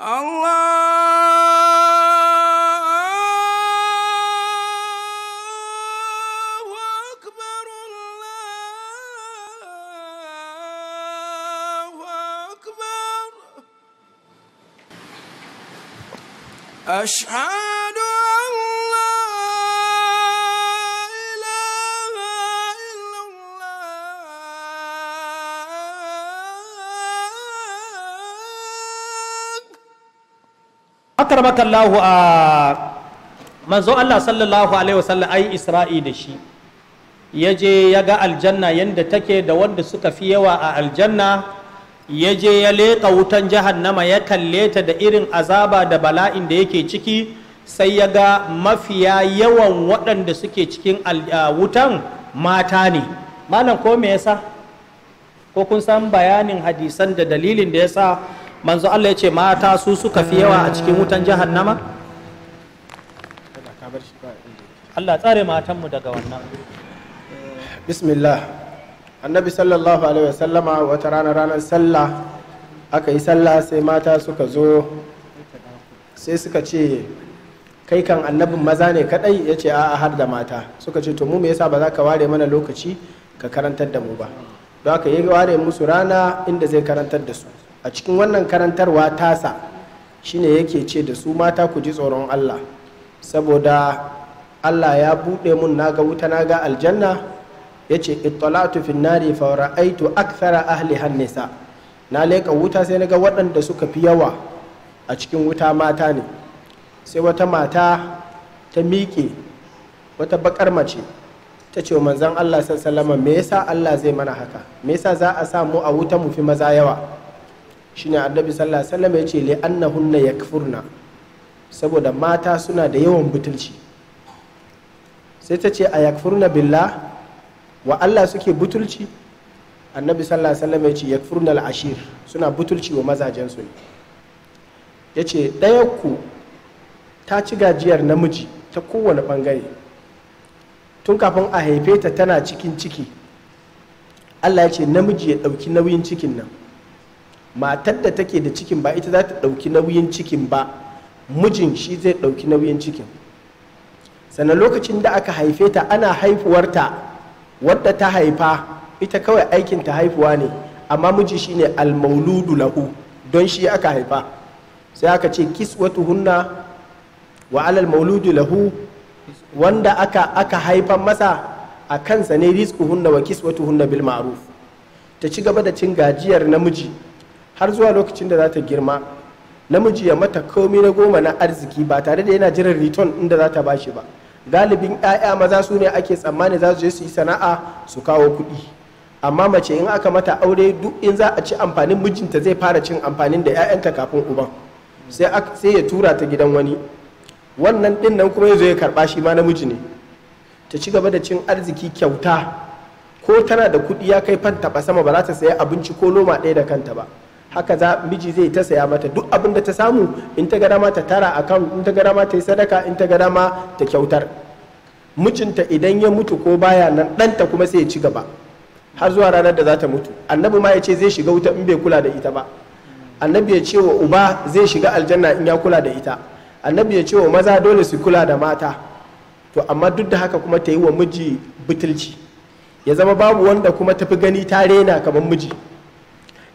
الله أكبر الله أكبر أشهد akramaka Allah a manzo Allah sallallahu alaihi wasallam ai Isra'i da shi ya je ya ga aljanna yadda take da wanda suka fi yawa a aljanna ya je ya leƙa wutan nama ya kalle ta da irin azaba da bala'in da yake ciki sai ya ga mafiya yawan waɗanda suke cikin wutan mata ne malam ko me yasa ko kun san bayanin hadisan da dalilin da yasa manzo Allah ya ce mata su suka fi yawa a cikin wutan jahannama Allah tsare matanmu daga wannan bismillah annabi sallallahu alaihi wasallama wata rana ranar sallah aka yi sallah sai mata suka zo sai suka ce kai kan annabin maza ne kadai ya ce a'a har da mata suka ce to mu me yasa ba za ka ware mana lokaci ka karantar da mu ba don haka yi ware musu rana inda zai karantar da su a cikin wannan karantarwa tasa shine yake ce da su mata ku ji tsoron Allah saboda Allah ya buɗe mun naga wuta naga aljanna ya ce ittalatu fin nari fa ra'aitu akthara ahli hannisa na leƙa wuta sai naga waɗanda suka fi yawa a cikin wuta mata ne sai wata mata ta miƙe wata baƙar mace ta ce manzon Allah sallallahu alaihi me yasa Allah zai mana haka me yasa za a sa mu a wuta mu fi maza yawa shine annabi sallallahu alaihi wasallam yace li annahunna yakfurna saboda mata suna da yawan butulci sai ta ce a yakfurna billah wa Allah suke butulci annabi sallallahu alaihi wasallam yace yakfurna al-ashir suna butulci wa mazajen su yace ɗaya ku ta ci gajiyar namiji ta kowane bangare tun kafin a haife ta tana cikin ciki Allah ya ce namiji ya ɗauki nauyin cikin nan matar da take da cikin ba ita za ta ɗauki nauyin cikin ba mijin shi zai ɗauki nauyin cikin sannan lokacin da aka haife ta ana haifuwarta wadda ta haifa ita kawai aikin ta haifuwa ne amma miji shi shine almauludu lahu don shi aka haifa sai aka ce hunna wa alal mauludu lahu wanda aka aka haifa masa a kansa ne hunna wa kiswatuhunna bil ma'ruf ta ci gaba da cin gajiyar namiji har zuwa lokacin da za ta girma namiji ya mata komai na goma na arziki ba tare da yana jiran return inda za ta bashi ba galibin 'ya'ya maza su ne ake tsammani za su je su yi sana'a su kawo kuɗi amma mace in aka mata aure duk in za a ci amfanin mijinta zai fara cin amfanin da 'ya'yanta kafin uban sai ya tura ta gidan wani wannan ɗin nan kuma ya zo ya karɓa shi ma namiji ne ta ci gaba da cin arziki kyauta ko tana da kuɗi ya kai fanta ba sama ba za ta sayi abinci ko loma ɗaya da kanta ba haka za miji zai ta saya mata duk abin da ta samu in ta gada ta tara akan in ta gada yi sadaka in ta gada ta kyautar mijinta idan ya mutu ko baya nan ɗanta kuma sai ya ci gaba har zuwa ranar da za ta mutu annabi ma ya ce zai shiga wuta in bai kula da ita ba annabi ya ce wa uba zai shiga aljanna in ya kula da ita annabi ya ce wa maza dole su kula da mata to amma duk da haka kuma ta yi wa miji butulci ya zama babu wanda kuma tafi gani ta rena kamar miji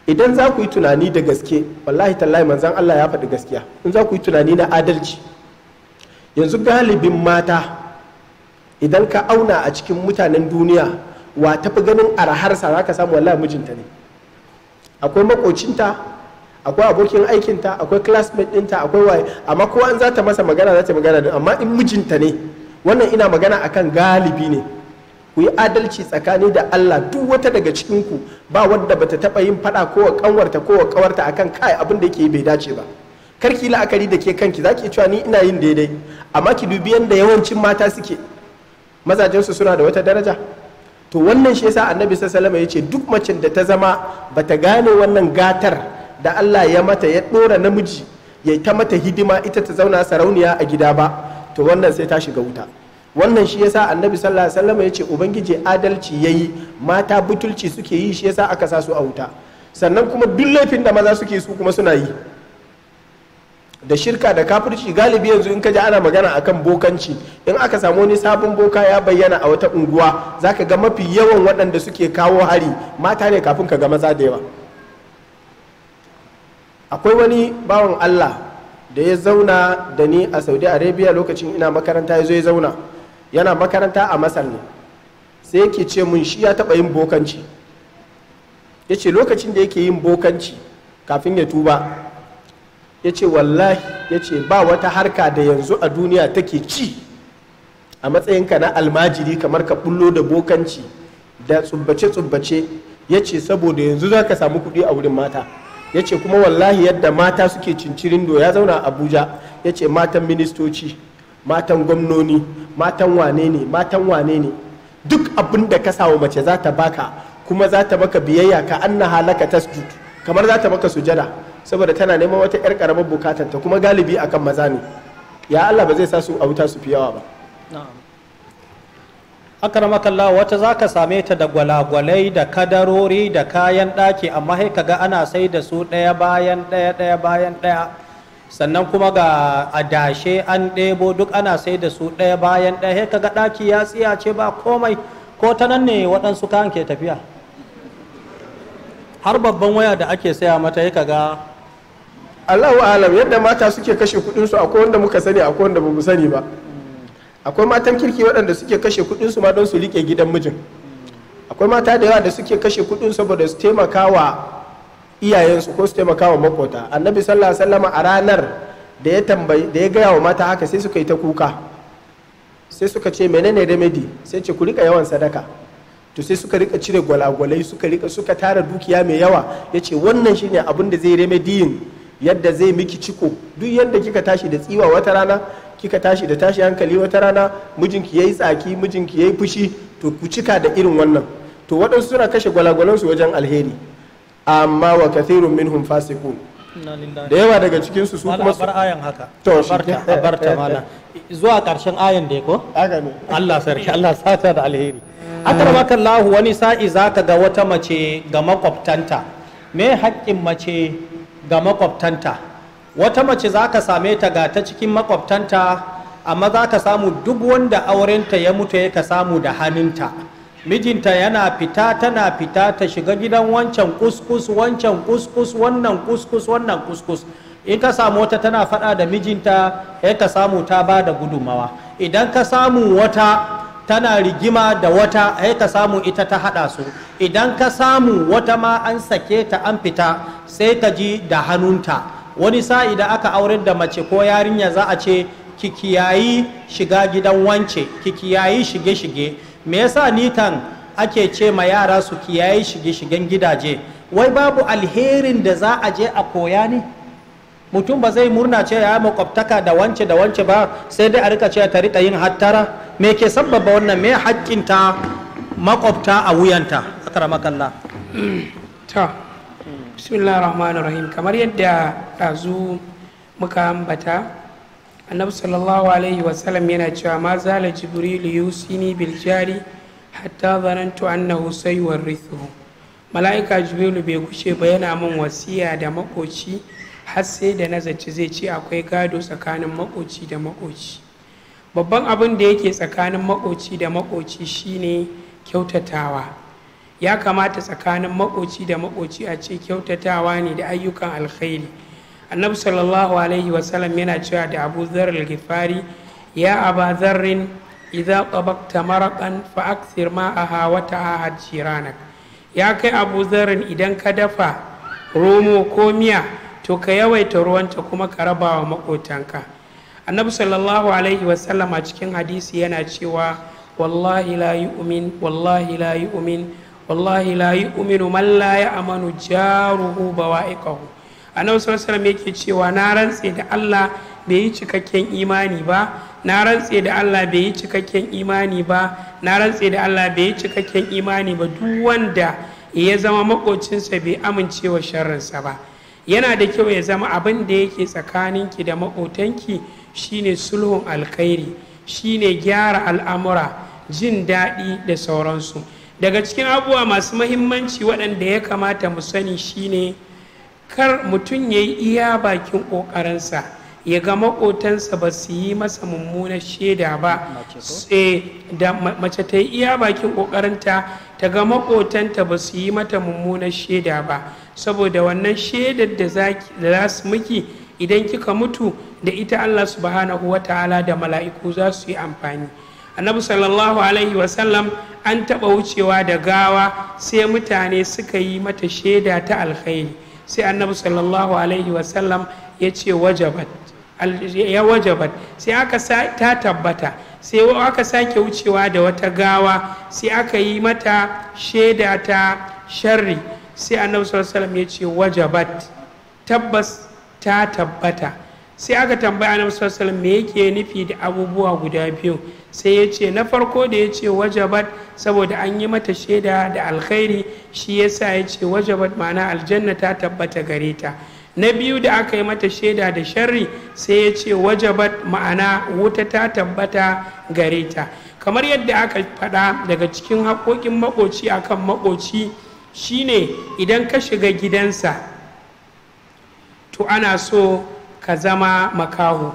idan za ku yi tunani da gaske wallahi tallahi manzan Allah ya faɗi gaskiya in za ku yi tunani na adalci yanzu galibin mata idan ka auna a cikin mutanen duniya wa tafi ganin araharsa za ka samu wallahi mijinta ne akwai makocinta akwai abokin aikinta akwai classmate dinta, akwai waye amma kowa in za ta masa magana za ta magana amma in mijinta ne wannan ina magana akan galibi ne ku yi adalci tsakani da Allah duk wata daga cikinku ba wadda bata taɓa yin faɗa ko wa ƙanwarta ko wa ƙawarta akan kai abin da yake bai dace ba karki la'akari da ke kanki za ki cewa ni ina yin daidai amma ki dubi yadda yawancin mata suke mazajen su suna da wata daraja to wannan shi yasa annabi sallallahu ya ce duk macen da ta zama bata gane wannan gatar da Allah ya mata ya dora namiji ya ta mata hidima ita ta zauna sarauniya a gida ba to wannan sai ta shiga wuta wannan shi yasa annabi sallallahu alaihi wasallam yace ubangiji adalci yayi mata butulci suke yi shi yasa aka sa a wuta sannan kuma duk laifin da maza suke su kuma suna yi da shirka da kafirci galibi yanzu in ka ji ana magana akan bokanci in aka samu wani sabon boka ya bayyana a wata unguwa zaka ga mafi yawan waɗanda suke kawo hari mata ne kafin ka ga maza da yawa akwai wani bawan Allah da ya zauna da ni a Saudi Arabia lokacin ina makaranta ya zo ya zauna yana makaranta a masar ne sai yake ce mun shi ya taɓa yin bokanci ya ce lokacin da yake yin bokanci kafin ya tuba ya ce wallahi ya ce ba wata harka da yanzu a duniya take ci a matsayinka na almajiri kamar ka bullo da bokanci da tsubbace-tsubbace ya ce saboda yanzu za ka samu kuɗi a wurin mata ya ce kuma wallahi yadda mata suke cincirin do ya zauna abuja ya ce matan ministoci matan gwamnoni matan wane ne matan wane ne duk abin da ka sawa mace za ta baka kuma za ta baka biyayya ka na halaka tasjud kamar za ta baka sujada saboda tana neman wata yar karamar bukatar ta kuma galibi akan maza ne ya Allah ba zai sa su a wuta su fi yawa ba akramakallah wata zaka same ta da gwalagwalai da kadarori da kayan daki amma sai ka ga ana sai da su daya bayan daya daya bayan daya. sannan kuma ga adashe an ɗebo duk ana sai da su ɗaya bayan ɗaya kaga ɗaki ya ce ba komai ko ta nan ne waɗansu kayan ke tafiya har babban waya da ake saya mata ya kaga Allahu alam yadda mata suke kashe kudinsu akwai wanda muka sani akwai wanda bamu sani ba akwai matan kirki waɗanda suke kashe kudinsu ma don su rike gidan mijin akwai mata da yawa da suke kashe kuɗin saboda su taimaka wa iyayensu ko su taimaka wa makota annabi sallallahu alaihi wasallam a ranar da ya tambayi da ya gaya wa mata haka sai suka yi ta kuka sai suka ce menene remedy sai ce ku rika yawan sadaka to sai suka rika cire gwalagwalai suka rika suka tara dukiya mai yawa ya ce wannan shine abin da zai remediyin yadda zai miki ciko duk yadda kika tashi da tsiwa wata rana kika tashi da tashi hankali wata rana mijinki yayi tsaki mijinki yayi fushi to ku cika da irin wannan to waɗansu suna kashe gwalagwalansu wajen alheri amma wa kathirun minhum fasikun da yawa daga cikin su su kuma su ayan haka to shi ta mana zuwa karshen ayan da ko haka ne Allah sarki Allah sata da alheri akramaka Allah wani sa'i zaka ga wata mace ga makwabtanta me haƙƙin mace ga makwabtanta wata mace zaka same ta ga ta cikin makwabtanta amma zaka samu duk wanda aurenta ya mutu ya ka samu da hannunta mijinta yana fita tana fita ta shiga gidan wancan kuskus wancan kuskus wannan kuskus wannan kuskus in ka samu wata tana fada da mijinta ya ka samu ta ba da gudumawa idan ka samu wata tana rigima da wata ya ka samu ita ta hada su idan ka samu wata ma an sake ta an fita sai ka ji da hannunta wani sa'i da aka aurar da mace ko yarinya za a ce kiyayi shiga gidan wance ki kiyayi shige-shige me yasa nitan ake ce ma yara su kiyaye shige-shigen gidaje wai babu alherin da za a je a koya ne mutum ba zai murna ce ya makwabtaka da wance da wance ba sai dai a rika ce ta rika yin hattara me ke sababa wannan me haƙƙinta makwabta a wuyanta akramakallah ta bismillahir rahmanir rahim kamar yadda ɗazu muka ambata annabi sallallahu alaihi wasallam yana cewa ma zala jibril yusini bil jari hatta zanantu annahu sayuwarithu mala'ika jibril bai kushe ba yana min wasiya da makoci har sai da nazarci zai ce akwai gado tsakanin makoci da makoci babban abin da yake tsakanin makoci da makoci shine kyautatawa ya kamata tsakanin makoci da makoci a ce kyautatawa ne da ayyukan alkhairi annabi sallallahu alaihi wasallam yana cewa da abu zarar gifari ya aba zarrin idza tabakta maraqan fa aksir ma'aha wa ta'ahad ranar ya kai abu zarrin idan ka dafa romo ko miya to ka yawaita ruwanta kuma ka raba wa makotanka annabi sallallahu alaihi wasallam a cikin hadisi yana cewa wallahi la yu'min wallahi la yu'min wallahi la yu'minu man la ya'manu jaruhu bawa'iqahu a sallallahu alaihi yake cewa na rantse da Allah bai yi cikakken imani ba na rantse da Allah bai yi cikakken imani ba na rantse da Allah bai yi cikakken imani ba duk wanda ya zama makocinsa bai amincewa sharrinsa ba yana da kyau ya zama abin da yake tsakaninki da makotanki shine sulhun alkhairi shine gyara al'amura jin daɗi da sauransu daga cikin abubuwa masu mahimmanci waɗanda ya kamata mu sani shine kar mutum ya yi iya bakin ƙoƙarinsa ya ga maƙotansa ba su yi masa mummunar shaida ba da mace ta yi iya bakin ƙoƙarinta ta ga maƙotanta ba su yi mata mummunar shaida ba saboda wannan shaidar da za su miki idan kika mutu da ita allah subhanahu wa ta'ala da mala'iku za su yi amfani annabi sallallahu alaihi wasallam an taɓa wucewa da gawa sai mutane suka yi mata shaida ta alkhairi sai annabi sallallahu alaihi wasallam ya ce wajabat ya wajabat sai aka ta tabbata sai aka sake wucewa da wata gawa sai aka yi mata shaida ta sharri sai annabi sallallahu alaihi wasallam ya ce wajabat tabbas ta tabbata sai aka tambaya na sassal me yake nufi da abubuwa guda biyu sai ya ce na farko da ya ce wajabat saboda an yi mata shaida da alkhairi shi yasa ya ce wajabat ma'ana aljanna ta tabbata gare ta na biyu da aka yi mata shaida da sharri sai ya ce wajabat ma'ana wuta ta tabbata gare ta kamar yadda aka faɗa daga cikin haƙoƙin maƙoci akan maƙoci shine idan ka shiga gidansa to ana so ka zama makaho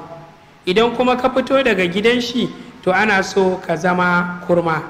idan kuma ka fito daga gidan shi to ana so ka zama kurma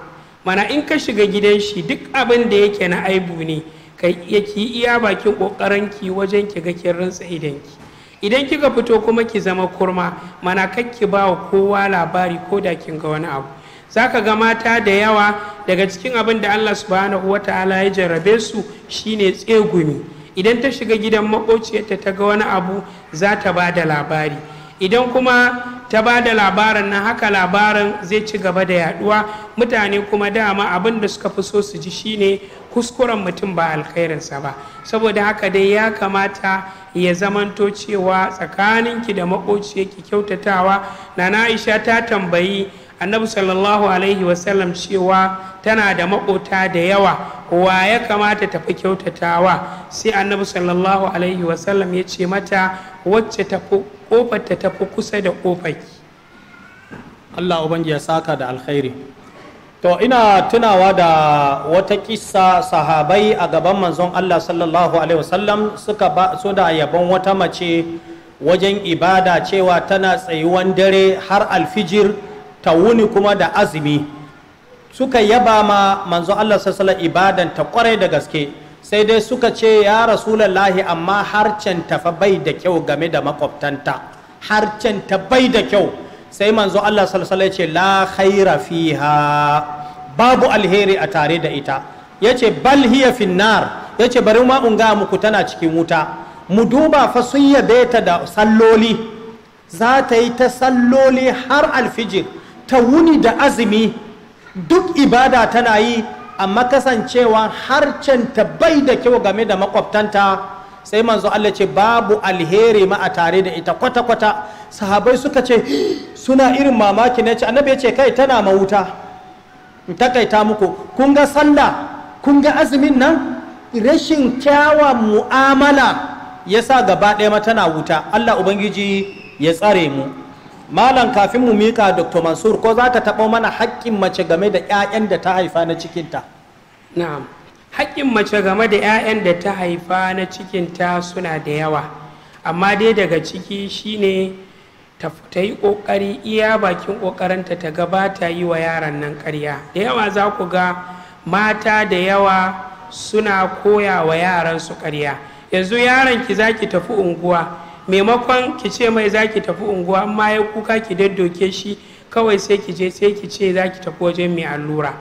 mana in ka shiga gidan shi duk abin da yake na aibu ne ka yaki iya bakin ƙoƙarinki wajen ki ga kin idan ki, idan kika fito kuma ki zama kurma mana kakki ba kowa labari ko da kin ga wani abu za ka ga mata da yawa daga cikin abin da allah subhanahu wa ta'ala ya jarrabe su shine tsegumi idan ta shiga gidan maƙociyarta ta ga wani abu za ta ba da labari idan kuma ta ba da labarin na haka labarin zai ci gaba da yaduwa mutane kuma dama abin da suka fi so su ji shine kuskuren mutum ba alkhairinsa ba saboda haka dai ya kamata ya zamanto cewa tsakaninki da maƙociyarki kyautatawa na na aisha ta tambayi annabi sallallahu alaihi wasallam cewa tana da makota da yawa wa ya kamata tafi kyautatawa sai annabi sallallahu alaihi wasallam ya ce mata wacce kofar ta tafi kusa da kofaki Allah ubangi ya saka da alkhairi to ina tunawa da wata kissa sahabai a gaban manzon Allah sallallahu alaihi wasallam suka ba su da yabon wata mace wajen ibada cewa tana tsayuwan dare har alfijir ta wuni kuma da azumi suka yaba ma manzo Allah sallallahu ibadan ta kwarai da gaske sai dai suka ce ya rasulallahi amma harcen ta fa bai da kyau game da makwabtanta harcen ta bai da kyau sai manzo Allah sallallahu ce la khaira fiha babu alheri a tare da ita yace bal hiya finnar yace bari ma unga muku tana cikin wuta mu duba fa sun yabe ta da salloli za ta yi ta salloli har alfijir ta wuni da azumi duk ibada tana yi amma kasancewa harcenta bai da kyau game da makwabtanta sai manzo Allah ce babu alheri ma a tare da ita kwata-kwata sahabai suka ce suna irin mamaki na ce annabi ya ce kai tana mawuta in takaita muku kun ga sallah kun ga azumin nan rashin kyawan mu'amala yasa gaba ɗaya ma tana wuta Allah ubangiji ya tsare mu malam kafin mu mika dr mansur ko za ka taɓa mana haƙƙin mace game da 'ya'yan da ta haifa na cikinta na'am haƙƙin mace game da 'ya'yan da ta haifa na cikinta suna da yawa amma dai daga ciki shine ta yi ƙoƙari iya bakin ƙoƙarinta ta gaba ta yi wa yaran nan ƙarya da yawa za ku ga mata da yawa suna koya wa su ƙarya yanzu yaranki ki za ki tafi unguwa maimakon ki ce mai za ki tafi unguwa amma ya kuka ki daddoke shi kawai sai ki je sai ki ce za ki tafi wajen mai allura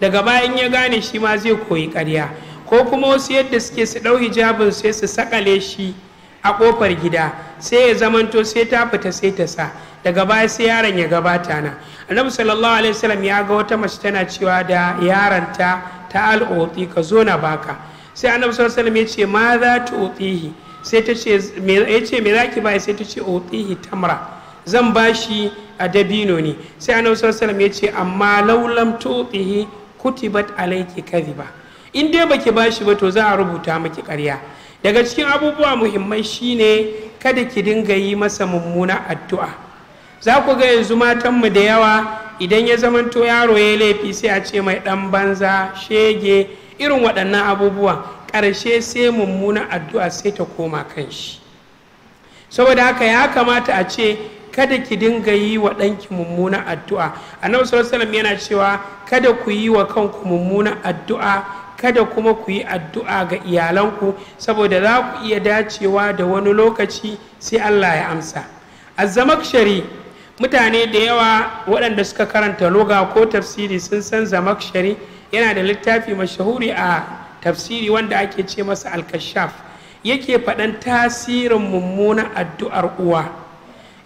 daga bayan ya gane shi ma zai koyi karya ko kuma wasu yadda suke su ɗau hijabin sai su sakale shi a ƙofar gida sai ya zamanto sai ta fita sai ta sa daga baya sai yaron ya gabata na annabi sallallahu alaihi wasallam ya ga wata mace tana cewa da yaranta ta al'uti ka zo na baka sai annabi sallallahu alaihi wasallam ya ce ma za ta sai ta ce ya ce me za ki baya sai ta ce otihi tamra zan ba shi a dabino ne sai annabi sallallahu ya ce amma laulam tutihi kutibat alayki kadhiba in dai baki bashi ba to za a rubuta miki karya daga cikin abubuwa muhimmai shine kada ki dinga yi masa mummuna addu'a za ku ga yanzu matanmu da yawa idan ya zamanto yaro ya laifi sai a ce mai ɗan banza shege irin waɗannan abubuwan ƙarshe sai mummunan addu'a sai ta koma kan shi saboda haka ya kamata a ce kada ki dinga yi wa ɗanki mummunan addu'a annabi sallallahu yana cewa kada ku yi wa kanku mummunan addu'a kada kuma ku yi addu'a ga iyalanku saboda za ku iya dacewa da wani lokaci sai Allah ya amsa azzamakshari mutane da yawa waɗanda suka karanta loga ko tafsiri sun san zamakshari yana da littafi mashahuri a tafsiri wanda ake ce masa alkashaf yake faɗan tasirin mummunan addu'ar uwa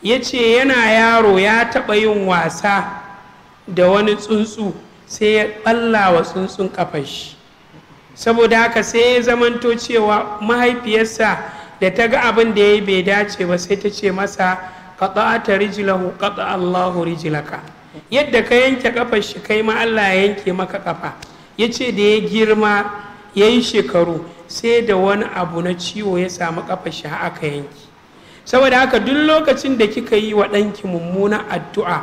ya ce yana yaro ya taɓa yin wasa da wani tsuntsu sai ya ɓalla wa tsuntsun shi saboda haka sai ya zamanto cewa mahaifiyarsa da ta ga abin da ya yi bai dace ba sai ta ce masa qata'ata rijlahu qata Allahu rijlaka yadda ka yanke kafar shi kai ma Allah ya yanke maka kafa yace da ya girma ya yi shekaru sai da wani abu na ciwo ya samu kafa shi aka yanki saboda haka duk lokacin da kika yi wa ɗanki mummunan addu'a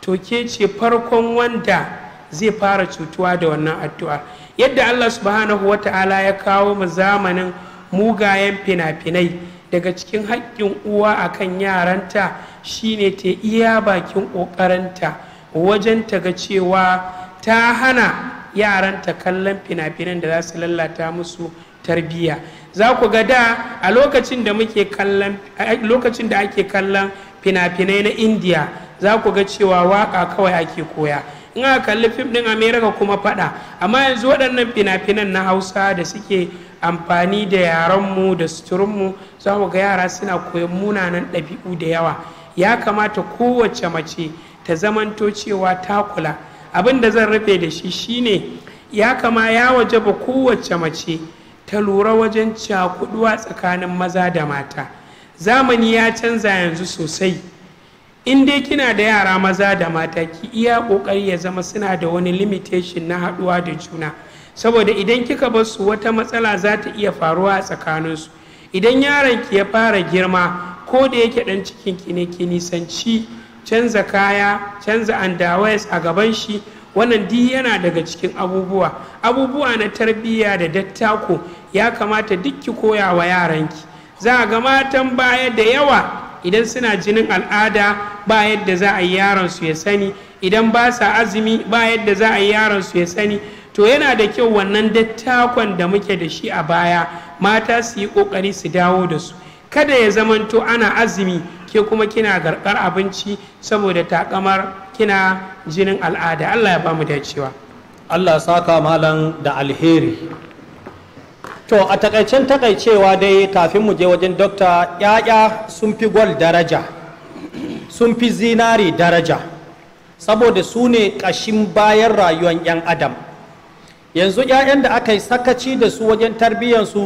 to ke ce farkon wanda zai fara cutuwa da wannan addu'a yadda allah subhanahu wa ta'ala ya kawo mu zamanin mugayen fina-finai daga cikin haƙƙin uwa a kan yaranta shine ta iya bakin ƙoƙarinta wajen ta ga cewa ta hana yaranta kallon fina-finan da za su lallata musu tarbiyya za ku ga da a lokacin da muke kallon lokacin da ake kallon fina-finai na indiya za ku ga cewa waka kawai ake koya in aka kalli fim din america kuma fada amma yanzu waɗannan fina-finan na hausa da suke amfani da yaranmu da suturinmu za ku ga yara suna koyon munanan ɗabi'u da yawa ya kamata kowace mace ta zamanto cewa ta kula abin da zan rufe da shi shine ya kama ya waje ba kowace mace ta lura wajen cakuduwa tsakanin maza da mata zamani ya canza yanzu sosai in dai kina da yara maza da mata ki iya kokari ya zama suna da wani limitation na haduwa da juna saboda idan kika bar su wata matsala za ta iya faruwa a tsakaninsu idan yaron ki ya fara girma ko da yake dan cikin ki ne ki nisanci canza kaya canza andawais a gaban shi wannan duk yana daga cikin abubuwa abubuwa na tarbiyya da dattako ya kamata duk ki koya wa yaranki za a ga matan baya da yawa idan suna jinin al'ada ba yadda za a yi yaron su ya sani idan ba sa azumi ba yadda za a yi yaron su ya sani to yana da kyau wannan dattakon da muke da shi a baya mata su yi kokari su dawo da su kada ya zamanto ana azumi ke kuma kina garkar abinci saboda takamar kina jinin al'ada allah ya bamu dacewa allah saka malam da alheri to a takaicen takaicewa dai kafin mu je wajen dokta yaya sun fi gwal daraja sun fi zinari daraja saboda su ne ƙashin bayan rayuwar 'yan adam yanzu 'ya'yan da aka yi sakaci da su wajen tarbiyyansu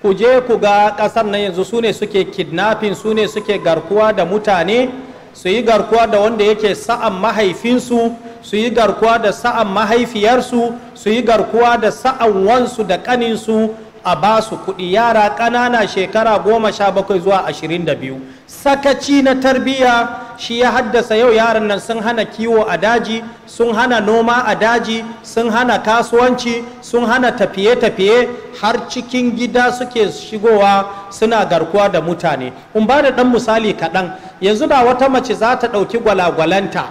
ku je ku ga ƙasar nan yanzu su ne suke kidnapping su ne suke garkuwa da mutane su yi garkuwa da wanda yake sa'an mahaifinsu su yi garkuwa da sa'an mahaifiyarsu su yi garkuwa da sa'an wansu da ƙaninsu a ba su kuɗi yara ƙanana shekara goma sha bakwai zuwa ashirin da biyu sakaci na tarbiyya shi ya haddasa yau yaran nan sun hana kiwo a daji sun hana noma a daji sun hana kasuwanci sun hana tafiye-tafiye har cikin gida suke shigowa suna garkuwa da mutane in ba da ɗan misali kaɗan yanzu da wata mace za ta ɗauki gwalagwalanta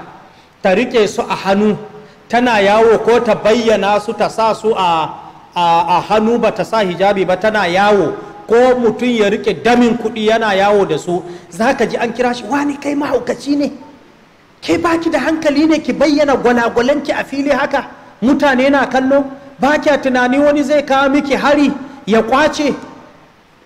ta riƙe su a hannu tana yawo ko ta bayyana su ta sa su a a hannu ba ta sa hijabi ba tana yawo ko mutum ya rike damin kuɗi yana yawo da su za ka ji an kira shi wani kai mahaukaci ne ke baki da hankali ne ki bayyana gwalagwalanki a fili haka mutane na kallo ba kya tunani wani zai kawo miki hari ya kwace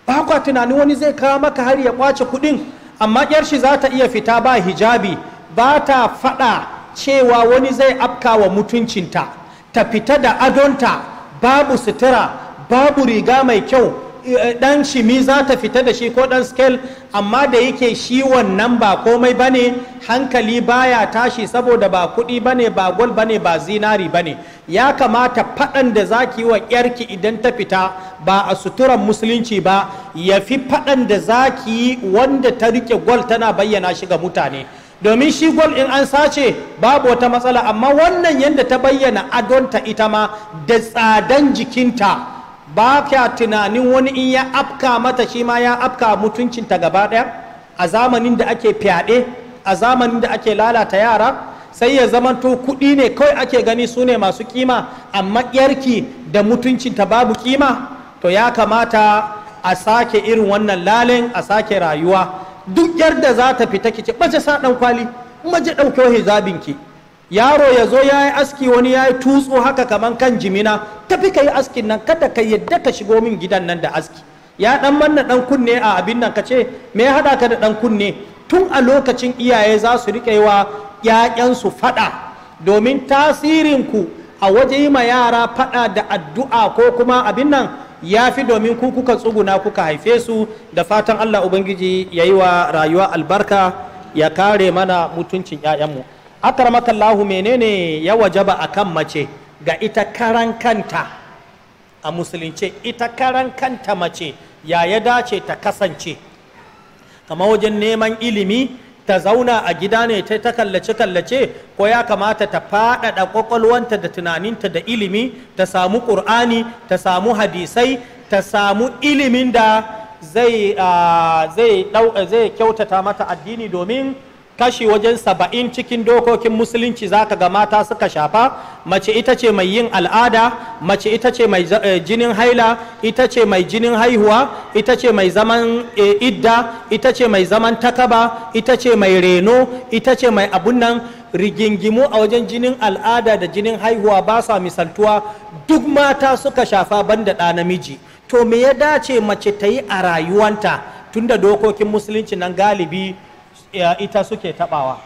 ba kwa tunani wani zai kawo maka hari ya kwace kuɗin amma yar shi za ta iya fita ba hijabi ba ta faɗa cewa wani zai afka wa mutuncinta ta fita da adonta babu sutura babu riga mai kyau dan eh, eh, shimi za ta fita da shi ko dan scale amma da yake shi wannan ba komai bane hankali baya tashi saboda ba kuɗi bane ba gol bane ba zinari bane ya kamata faɗan da za ki yi wa yarki idan ta fita ba a suturan musulunci ba ya fi faɗan da za ki yi wanda ta rike gol tana bayyana shi ga mutane domin shi gwal in an sace babu wata matsala amma wannan yadda ta bayyana adonta ita ma da tsadan jikinta ba ka tunanin wani in ya afka mata shi ma ya afka mutuncinta gaba ɗaya a zamanin da ake fyaɗe a zamanin da ake lalata yara sai ya zamanto kuɗi ne kawai ake gani su ne masu kima amma yarki da mutuncinta babu kima to ya kamata a sake irin wannan lalen a sake rayuwa duk yarda za ta fita ki ce baje sa dan kwali maje dauke hijabin ki yaro ya zo ya yi aski wani ya yi tutsu haka kaman kan jimina tafi ka yi askin nan kada ka yadda ka shigo min gidan nan da aski ya dan manna dan kunne a abin nan ka ce me ya hada ka da dan kunne tun a lokacin iyaye za su riƙe wa ‘ya'yansu faɗa domin tasirin ku a waje yi ma yara faɗa da addu'a ko kuma abin nan ya fi domin ku kuka tsuguna kuka haife su da fatan Allah Ubangiji ya yi wa rayuwa albarka ya kare mana mutuncin ‘ya'yanmu. Akaramakallahu menene ya wajaba a kan mace ga ita karan kanta a musulunce ita karan kanta mace ya ya dace ta kasance. Kama wajen neman ilimi ta zauna a gida ne ta ta kallace-kallace ko ya kamata ta faɗaɗa ƙwaƙwalwanta da tunaninta da ilimi ta samu ƙur'ani ta samu hadisai ta samu ilimin da zai ah, kyautata mata addini domin kashi wajen saba'in cikin dokokin musulunci zaka ga mata suka shafa mace ita ce mai yin al'ada mace ita ce mai eh, jinin haila ita ce mai jinin haihuwa ita ce mai zaman eh, idda ita ce mai zaman takaba ita ce mai reno ita ce mai abun nan rigingimu a wajen jinin al'ada da jinin haihuwa ba sa misaltuwa duk mata suka shafa banda ɗa namiji to me ya dace mace ta yi a rayuwanta tunda dokokin musulunci nan galibi ya ita suke tabawa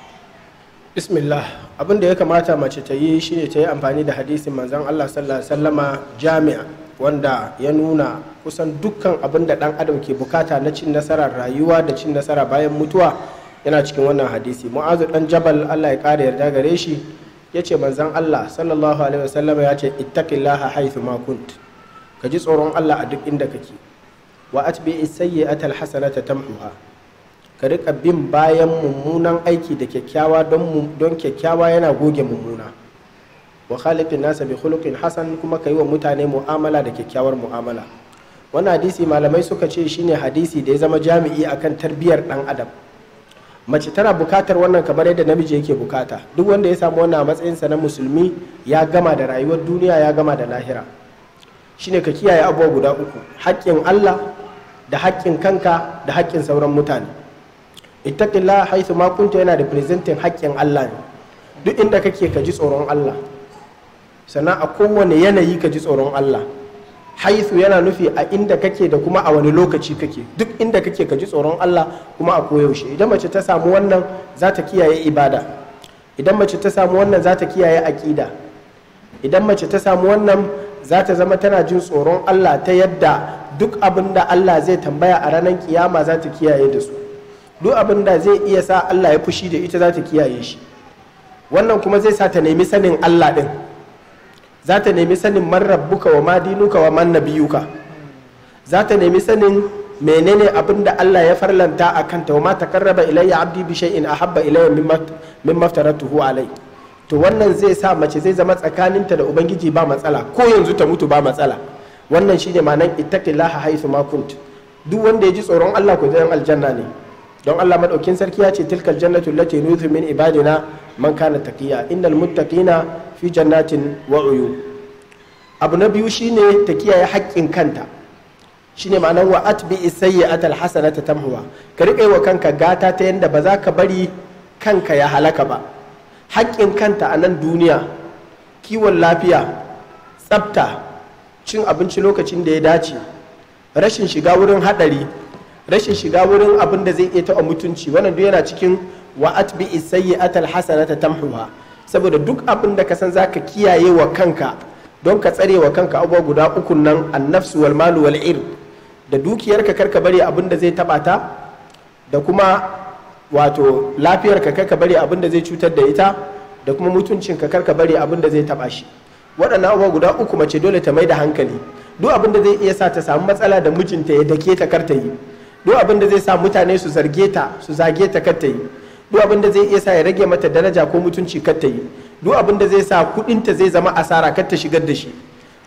bismillah abin da ya kamata mace ta yi shine ta yi amfani da hadisin manzon Allah sallallahu alaihi wasallama jami'a wanda ya nuna kusan dukkan abin da dan adam ke bukata na cin nasarar rayuwa da cin nasara bayan mutuwa yana cikin wannan hadisi mu'azu dan jabal Allah ya kare yarda gare shi yace manzon Allah sallallahu alaihi wasallama ya ce ittaqillaha haythu ma kunt ka ji tsoron Allah a duk inda kake wa atbi'is sayyi'atal hasanata tamhuha ka rika bin bayan mummunan aiki da kyakkyawa don kyakkyawa yana goge mummuna wa khalifin nasa bi khuluqin hasan kuma ka yi wa mutane mu'amala da kyakkyawar mu'amala wani hadisi malamai suka ce shine hadisi da ya zama jami'i akan tarbiyyar dan adam mace tana bukatar wannan kamar yadda namiji yake bukata duk wanda ya samu wannan a matsayinsa na musulmi ya gama da rayuwar duniya ya gama da lahira shine ka kiyaye abubuwa guda uku haƙƙin allah da haƙƙin kanka da haƙƙin sauran mutane ittaqillah haythu ma kunta yana representing haƙƙin Allah ne duk inda kake ka ji tsoron Allah sannan a kowane yanayi ka ji tsoron Allah haythu yana nufi a inda kake da kuma a wani lokaci kake duk inda kake ka ji tsoron Allah kuma a koyaushe idan mace ta samu wannan za ta kiyaye ibada idan mace ta samu wannan za ta kiyaye aƙida idan mace ta samu wannan za ta zama tana jin tsoron Allah ta yadda duk abin da Allah zai tambaya a ranar kiyama za ta kiyaye da su duk abin da zai iya sa Allah ya fushi da ita za ta kiyaye shi wannan kuma zai sa ta nemi sanin Allah din za ta nemi sanin man rabbuka wa madinuka wa man nabiyuka za ta nemi sanin menene abin da Allah ya farlanta a kanta wa ma takarraba ilayya abdi bi shay'in ahabba ilayya mimma aftaratuhu alai to wannan zai sa mace zai zama tsakaninta da ubangiji ba matsala ko yanzu ta mutu ba matsala wannan shine ma'anan ittaqillaha haythu ma kunt duk wanda ya ji tsoron Allah ko dan aljanna ne don Allah madaukin sarki ya ce tilkal jannatu allati nuzu min ibadina man kana taqiya innal muttaqina fi jannatin wa uyun abu na biyu shine ta kiyaye haƙƙin kanta shine ma'anar wa atbi sayyi'atal hasanata tamhuwa ka riƙe wa kanka gata ta yanda ba za ka bari kanka ya halaka ba haƙƙin kanta a nan duniya kiwon lafiya tsafta cin abinci lokacin da ya dace rashin shiga wurin haɗari rashin shiga wurin abin da zai iya taɓa mutunci wannan duk yana cikin wa atbi atal hasanata tamhuha saboda duk abin da ka san zaka kiyaye wa kanka don ka tsare wa kanka abubuwa guda uku nan annafsu wal malu wal ir da dukiyarka karka bari abin da zai taɓa ta da kuma wato lafiyarka karka bari abin da zai cutar da ita da kuma mutuncinka karka bari abin da zai taɓa shi waɗannan abubuwa guda uku mace dole ta mai da hankali duk abin da zai iya sa ta samu matsala da mijinta ya dake ta karta yi duk abin da zai sa mutane su zarge ta su zage ta kar yi duk abin da zai iya sa ya rage mata daraja ko mutunci kar yi duk abin da zai sa kudinta zai zama asara kar ta shigar da shi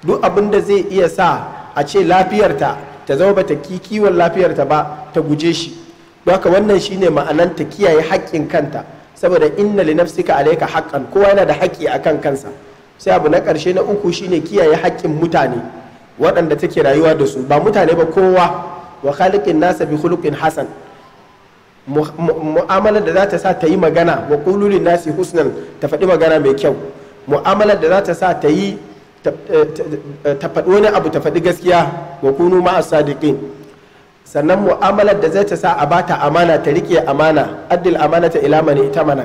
duk abin da zai iya sa a ce lafiyarta ta zama bata ki kiwon lafiyarta ba ta guje shi don haka wannan shine ma'anan ta kiyaye haƙƙin kanta saboda inna li nafsika alayka haqqan kowa yana da haƙƙi akan kansa sai abu na ƙarshe na uku shine kiyaye haƙƙin mutane waɗanda take rayuwa da su ba mutane ba kowa wa khaliqin nasa bi khuluqin hasan mu'amalar da za ta sa ta yi magana wa lin nasi husnan ta faɗi magana mai kyau mu'amalar da za ta sa ta yi ta faɗi wani abu ta faɗi gaskiya wa kunu ma'a sadiqin sannan mu'amalar da zai ta sa a bata amana ta riƙe amana addil amana ta ila man itamana mana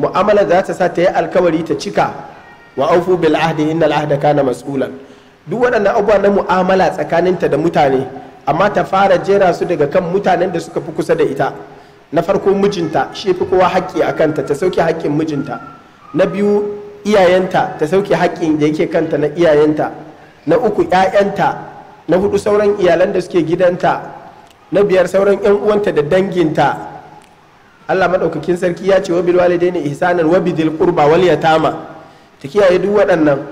mu'amalar da za ta sa ta yi alkawari ta cika wa aufu bil ahdi innal ahda kana mas'ulan duk waɗannan abubuwa na mu'amala tsakaninta da mutane amma ta fara jera su daga kan mutanen da suka fi kusa da ita na farko mijinta shi fi kowa haƙƙi a kanta ta sauke haƙƙin mijinta na biyu iyayenta ta sauke haƙƙin da yake kanta na iyayenta na uku ‘ya'yanta na hudu sauran iyalan da suke gidanta na biyar sauran ‘yan uwanta da danginta Allah maɗaukakin sarki ya ce wa bil walidaini ihsanan wa bidil qurba wal yatama ta kiyaye duk waɗannan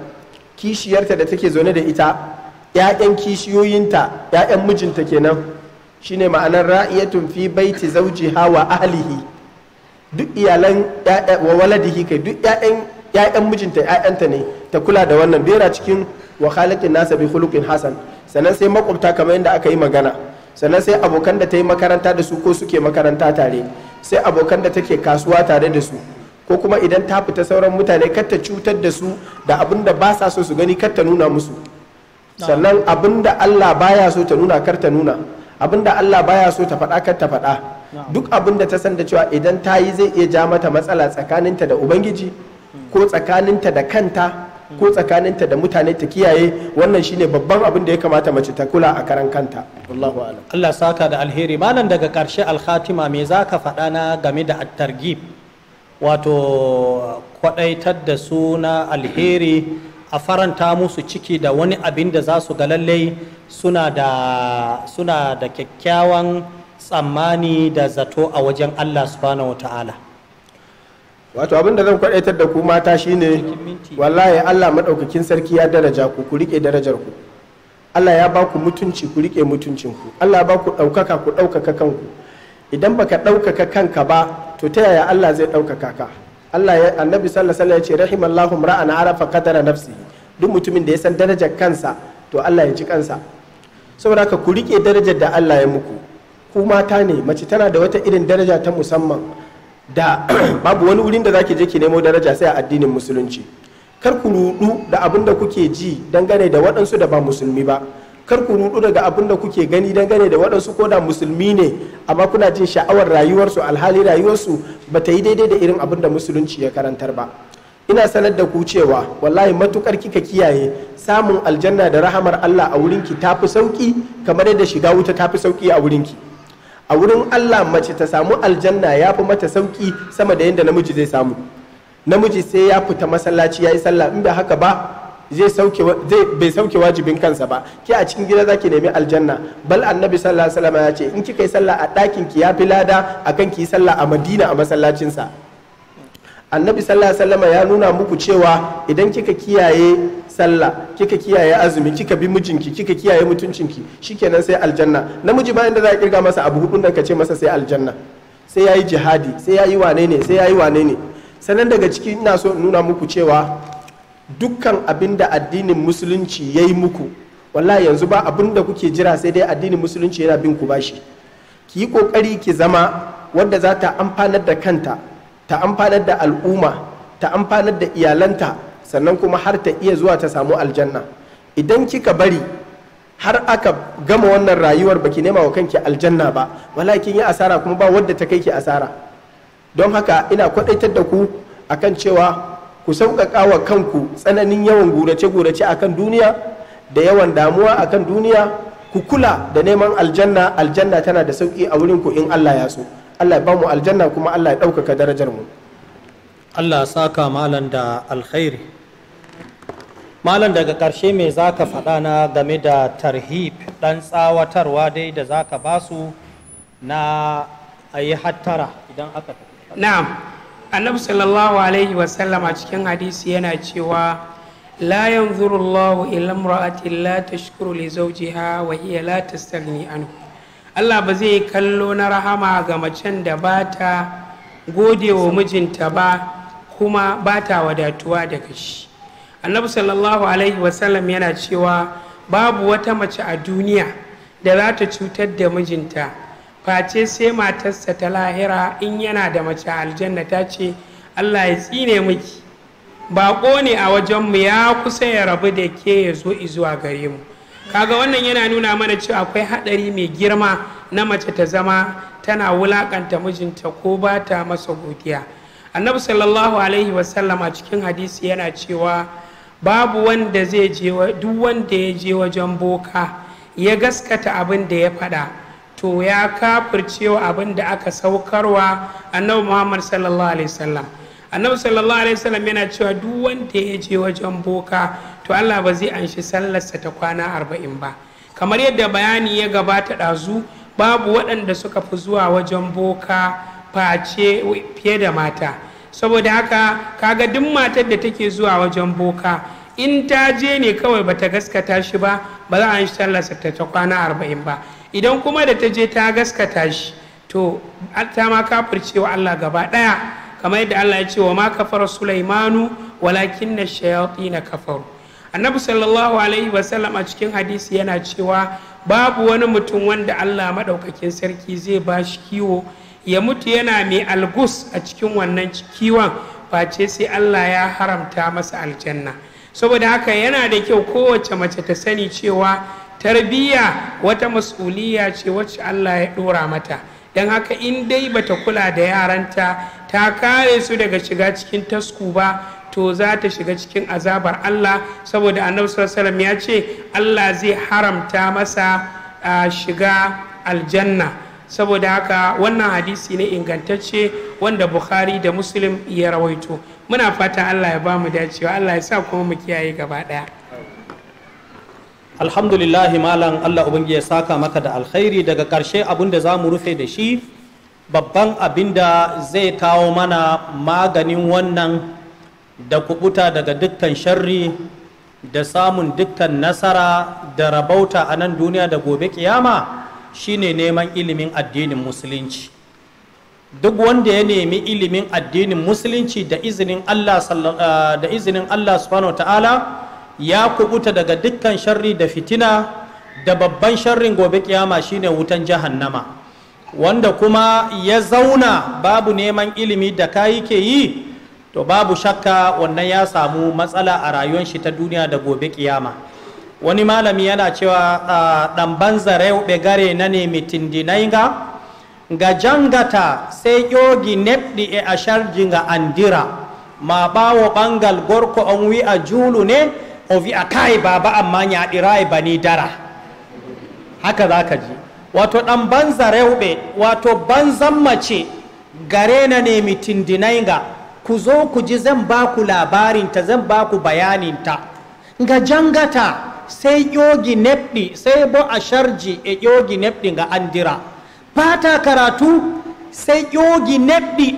kishiyarta da take zaune da ita 'ya'yan kishiyoyinta 'ya'yan mijinta kenan shine ma'anar ra'iyatun fi baiti zauji hawa ahlihi duk iyalan wa waladihi kai duk 'ya'yan mijinta 'ya'yanta ne ta kula da wannan bera cikin wa halakin nasa bi hulukin hasan sannan sai makwabta kamar yadda aka yi magana sannan sai abokan da ta yi makaranta da su ko suke makaranta tare sai abokan da take kasuwa tare da su ko kuma idan ta fita sauran mutane kar ta cutar da su da abin da ba sa so su gani kar ta nuna musu sannan abinda Allah baya so ta nuna kar ta nuna abinda Allah baya so ta faɗa karta ta faɗa duk abinda ta san da cewa idan ta yi zai iya ja mata matsala tsakaninta da ubangiji ko tsakaninta da kanta ko tsakaninta da mutane ta kiyaye wannan shine babban abin da ya kamata mace ta kula a karan kanta wallahu a'lam Allah saka da alheri malam daga karshe alkhatima me zaka faɗa na game da at-targhib wato kwadaitar da su na alheri a faranta musu ciki da wani abin da za su ga lallai suna da suna da kyakkyawan tsammani da zato a wajen Allah subhanahu wa ta'ala wato abin da zan kwadaitar da ku mata shine wallahi Allah madaukakin sarki ya daraja ku ku rike darajar ku Allah ya ba ku mutunci ku rike mutuncin ku Allah ya ba ku daukaka ku daukaka kanku idan baka daukaka kanka ba to ta yaya Allah zai daukaka ka Allah ya annabi sallallahu alaihi wasallam ya ce rahimallahu ra'ana arafa qadara nafsihi duk mutumin da ya san darajar kansa to Allah ya ji kansa saboda haka ku rike darajar da Allah ya muku ku mata ne mace tana da wata irin daraja ta musamman da babu wani wurin da zaki je ki nemo daraja sai a addinin musulunci kar ku rudu da abin da kuke ji dangane da waɗansu da ba musulmi ba kar ku rudu daga abin da kuke gani dangane da waɗansu ko da musulmi ne amma kuna jin sha'awar rayuwarsu alhali rayuwarsu ba ta yi daidai da irin abin da musulunci ya karantar ba ina sanar da ku cewa wallahi matukar kika kiyaye samun aljanna da rahamar Allah a wurinki ta fi sauki kamar yadda shiga wuta ta fi sauki a wurinki a wurin Allah mace ta samu aljanna ya fi mata sauki sama da yadda namiji zai samu namiji sai ya fita masallaci ya yi sallah in haka ba zai sauke zai bai sauke wajibin kansa ba ke a cikin gida zaki nemi aljanna bal annabi sallallahu alaihi wasallam ya ce in kika yi sallah a ɗakin ki ya fi lada akan ki yi sallah a madina a masallacinsa annabi sallallahu alaihi wasallam ya nuna muku cewa idan kika kiyaye sallah kika kiyaye azumi kika bi mijinki kika kiyaye mutuncinki shikenan sai aljanna namiji ba inda za a kirga masa abu hudun nan ka ce masa sai aljanna sai yayi jihadi sai yayi wane ne sai yayi wane ne sannan daga ciki ina so nuna muku cewa dukkan abinda addinin musulunci yayi muku wallahi yanzu ba abin da kuke jira sai dai addinin musulunci yana bin ku bashi ki yi kokari ki zama wadda za ta amfanar da kanta ta amfanar da al'umma ta amfanar da iyalanta sannan kuma har ta iya zuwa ta samu aljanna idan kika bari har aka gama wannan rayuwar baki nema wa kanki aljanna ba walakin yi asara kuma ba wadda ta kai ki asara don haka ina kwadaitar da ku akan cewa ku sauƙaƙa wa kanku tsananin yawan gurace-gurace akan duniya da yawan damuwa akan duniya ku kula da neman aljanna aljanna tana da sauƙi a wurin ku in Allah ya so Allah ya ba mu aljanna kuma Allah ya ɗaukaka darajar mu Allah saka malam da alkhairi malam daga ƙarshe me za ka faɗa na game da tarhib ɗan tsawatarwa dai da za ka basu na a yi hattara idan aka na'am annabi sallallahu alaihi wasallam a cikin hadisi yana cewa la yanzuru Allahu ila imra'atin la tashkuru li zawjiha wa hiya la tastaghni anhu allah ba zai kallo na rahama ga macen da ba ta gode wa mijinta ba kuma ba ta wadatuwa daga shi annabi sallallahu alaihi wasallam yana cewa babu wata mace a duniya da za ta cutar da mijinta face sai matarsa ta lahira in yana da mace aljanna ta ce allah ya tsine miki baƙo ne a wajenmu ya kusa ya rabu da ke ya zo izuwa gare mu kaga wannan yana nuna mana cewa akwai haɗari mai girma na mace ta zama tana wulaƙanta mijinta ko ba ta masa godiya annabi sallallahu alaihi wasallam a cikin hadisi yana cewa babu wanda zai je duk wanda ya je wajen boka ya gaskata abin da ya faɗa to ya kafircewa abin da aka saukarwa annabi muhammad sallallahu alaihi wasallam annabi sallallahu alaihi wasallam yana cewa duk wanda ya je wajen boka to Allah ba zai anshi sallarsa ta kwana arba'in ba kamar yadda bayani ya gabata ɗazu babu waɗanda suka fi zuwa wajen boka face fiye da mata saboda haka kaga duk matar da take zuwa wajen boka in ta je ne kawai bata gaskata shi ba ba za a yi sallarsa ta ta kwana arba'in ba idan kuma da ta je ta gaskata shi to ta ma kafircewa Allah gaba ɗaya kamar yadda Allah ya ce wa ma kafara Sulaimanu walakin na na kafaru annabi sallallahu alaihi wasallam a cikin hadisi yana cewa babu wani mutum wanda Allah maɗaukakin sarki zai ba shi kiwo ya mutu yana mai algus a cikin wannan kiwon face sai Allah ya haramta masa aljanna saboda haka yana da kyau kowace mace ta sani cewa tarbiyya wata mas'uliyya ce wacce Allah ya ɗora mata don haka in dai bata kula da yaranta ta kare su daga shiga cikin tasku ba to za ta shiga cikin azabar Allah saboda annabi sallallahu ya ce Allah zai haramta masa shiga aljanna saboda haka wannan hadisi ne ingantacce wanda bukhari da muslim ya rawaito muna fata Allah ya bamu dacewa Allah ya sa kuma mu kiyaye gaba daya alhamdulillahi malam Allah ubangi ya saka maka da alkhairi daga karshe abun da za mu rufe da shi babban abin da zai kawo mana maganin wannan da kubuta daga dukkan sharri da samun dukkan nasara da rabauta a nan duniya da gobe kiyama shine neman ilimin addinin musulunci duk wanda ya nemi ilimin addinin musulunci da izinin Allah ah, da izinin Allah subhanahu ta'ala ya kubuta daga dukkan sharri da fitina da babban sharrin gobe kiyama shine wutan jahannama wanda kuma ya zauna babu neman ilimi da ka ke yi to babu shakka wannan ya samu matsala a rayuwar shi ta duniya da gobe kiyama wani malami yana cewa dan banzare gare na ne mitindinai ga ga jangata sai yogi nebdi e ashar jinga andira ma bawo bangal gorko on wi a julu ne ovi a kai baba amma ya dirai bani dara haka zaka ji wato ɗan banza rauɓe wato banzan mace gare na nemi mitindinainga ku zo ku ji zan ba ku labarinta zan ba ku bayaninta ga jangata sai yogi neɓɗi sai bo a sharji e yogi neɓɗi ga andira fata karatu sai yogi neɓɗi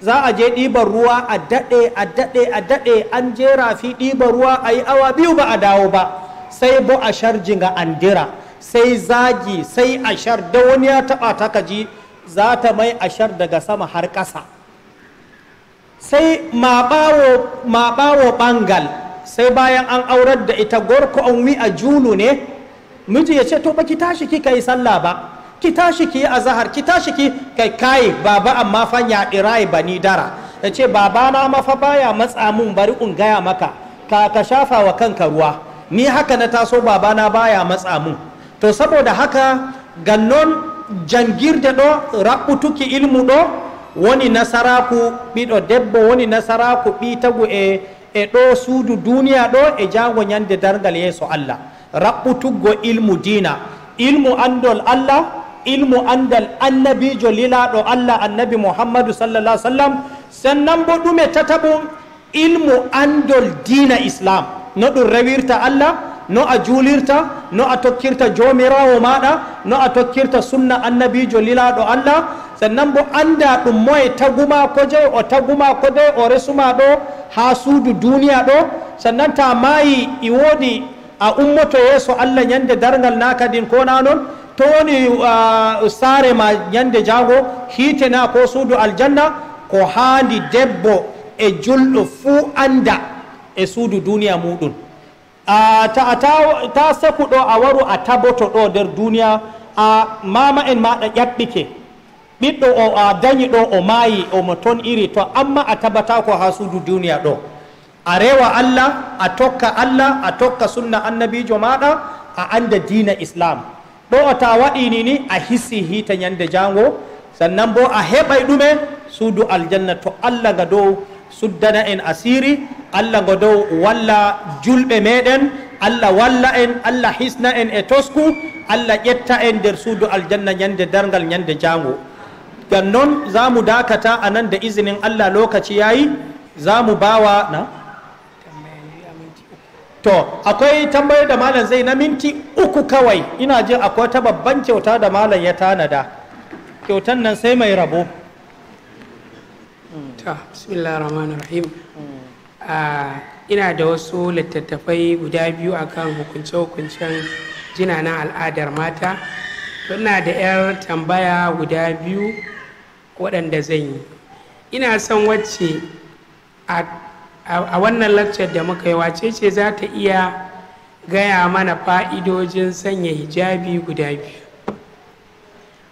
za a je ɗiban ruwa a daɗe a daɗe a daɗe an je rafi ɗiban ruwa a yi awa biyu ba a dawo ba sai bo a sharji ga andira sai zagi sai ashar da wani ya taɓa ta kaji za ta mai ashar daga sama har ƙasa sai maɓawo ɓangal sai bayan an aurar da ita gorko an wi a julu ne miji ya ce to ba ki tashi ki kai sallah ba ki tashi ki a zahar ki tashi ki kai kai baba amma fa ya dirai bani dara ya ce baba na mafa baya matsa mun bari in gaya maka ka ka shafa wa kanka ruwa ni haka na taso baba na baya matsa mun to saboda haka gannon jangirde ɗo raɓɓutuki ilmu ɗo woni nasaraku ɓiɗo debbo woni nasaraku ɓitagu e e ɗo suudu duniya ɗo e jango ñande dargal yeeso allah raɓɓutuggo ilmu dina ilmu andol allah ilmu andal annabijo lilaɗo allah annabi muhammadu sallallah sallam sannan bo ɗume tataɓum ilmu andol dina islam no ɗum rewirta allah no a julirta no a tokkirta jomirawo maɗa no a tokkirta sunna annabijo lilaɗo allah sannan bo anda ɗum moye taguma ko je o taguma ko o resuma ɗo ha suudu duniya ɗo sannan ta mayi i wodi a ummoto yeso allah yande dargal na din ko na non to woni sare ma jago hite na ko sudu aljanna ko handi debbo e julɗo fuu anda e suudu duniya muɗum ta saku ɗo a waru a taboto ɗo der duniya a mama en maɗa ƴaɓɓike ɓiɗɗo o a dañi ɗo o o mo ton iri to amma a tabatako ha sudu duniya ɗo a rewa allah a tokka allah a tokka sunna annabijo maɗa a anda dina islam ɗo ta waɗini ni a hisi hita ñande jango sannan bo a heɓay ɗume sudu aljanna to allah ga dow suddana en asiri allah godo walla julɓe meɗen allah walla en allah hisna en e tosku allah ƴetta en nder suudu aljanna ñande dargal ñande jango gan noon za mu dakata a da izinin allah lokaci yayi za mu bawa na to akwai tambayar da malam zai na minti uku kawai ina jin akwai ta babban kyauta da malam ya tanada kyautan nan sai mai rabo ta bismillahir rahmanir rahim ina da wasu littattafai guda biyu akan hukunce-hukuncen jina na al'adar mata ina da 'yar tambaya guda biyu waɗanda zan yi ina son wacce a wannan laccar da muka yi wace ce za ta iya gaya mana fa'idojin sanya hijabi guda biyu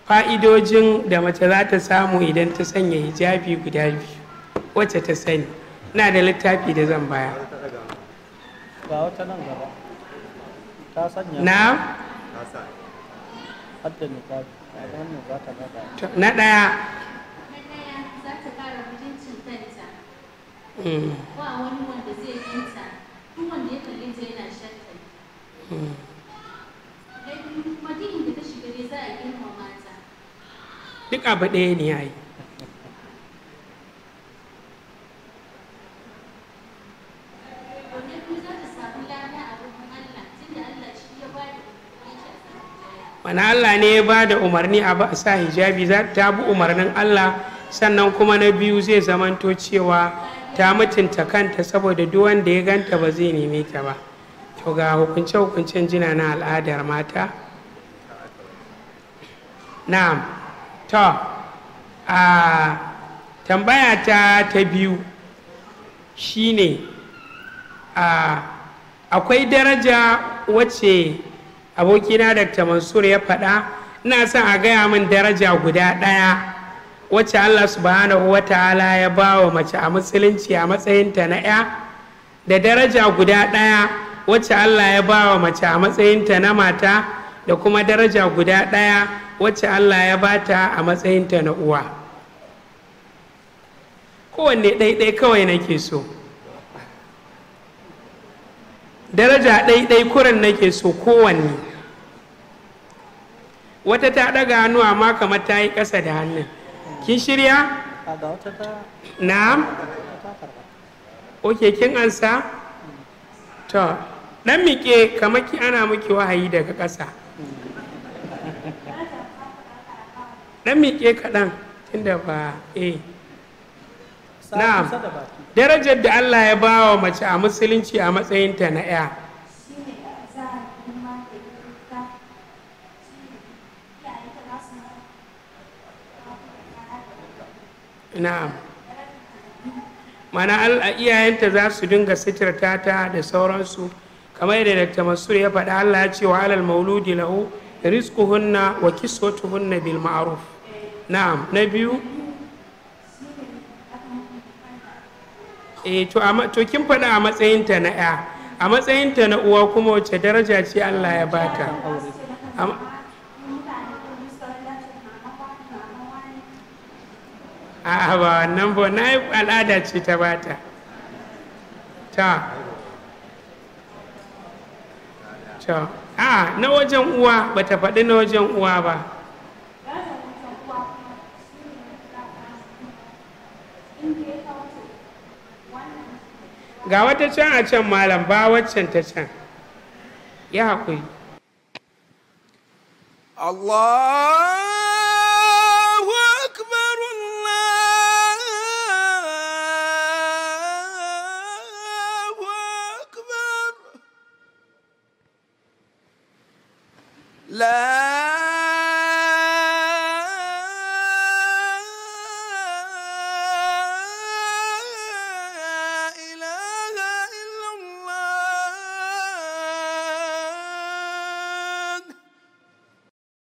fa'idojin da mace za ta samu idan ta sanya hijabi guda biyu wacce ta sani na da littafi da zan baya ga wata nan gaba ta sanya na na ɗaya ba wani wanda zai yanta duk wanda ya yana shakka da ta shiga za a duk abu ɗaya ne yayi mana Allah ne ya ba da umarni a ba sa hijabi ta bi umarnin Allah sannan kuma na biyu zai zamanto cewa ta mutunta kanta saboda duk wanda ya ganta ba zai neme ta ba to ga hukunce-hukuncen jina na al'adar mata na'am to a tambaya ta ta biyu shine akwai daraja wacce abokina dr mansur ya faɗa ina son a gaya min daraja guda ɗaya wacce allah subhanahu wa ta'ala ya ba wa mace a musulunci a matsayinta na ya da daraja guda ɗaya wacce allah ya ba wa mace a matsayinta na mata da kuma daraja guda ɗaya wacce allah ya ba ta a matsayinta na uwa kowanne ɗaiɗai kawai nake so daraja ɗaiɗai kurin nake so kowanne wata ta ɗaga hannu amma kamar ta yi ƙasa da hannun kin shirya na ok kin ansa to ɗan miƙe kamar ki ana miki wahayi daga ƙasa ɗan miƙe kaɗan tunda ba eh na darajar da Allah ya ba wa mace a musulunci a matsayinta na 'ya na'am mana iyayenta za su dinga sitar ta da sauransu kamar yadda dr masur ya faɗa allah ya ce wa alal mauludi lahu rizquhunna wa kiswatuhunna bil ma'ruf na'am na biyu eh to amma to kin faɗa a matsayinta na ya a matsayinta na uwa kuma wace daraja ce allah ya bata A'a ba wannan ba na yi al'ada ce ta bata ta ta na wajen uwa ba ta faɗi na wajen uwa ba ga wata can a can malam ba waccan ta can ya haƙuri Allah لا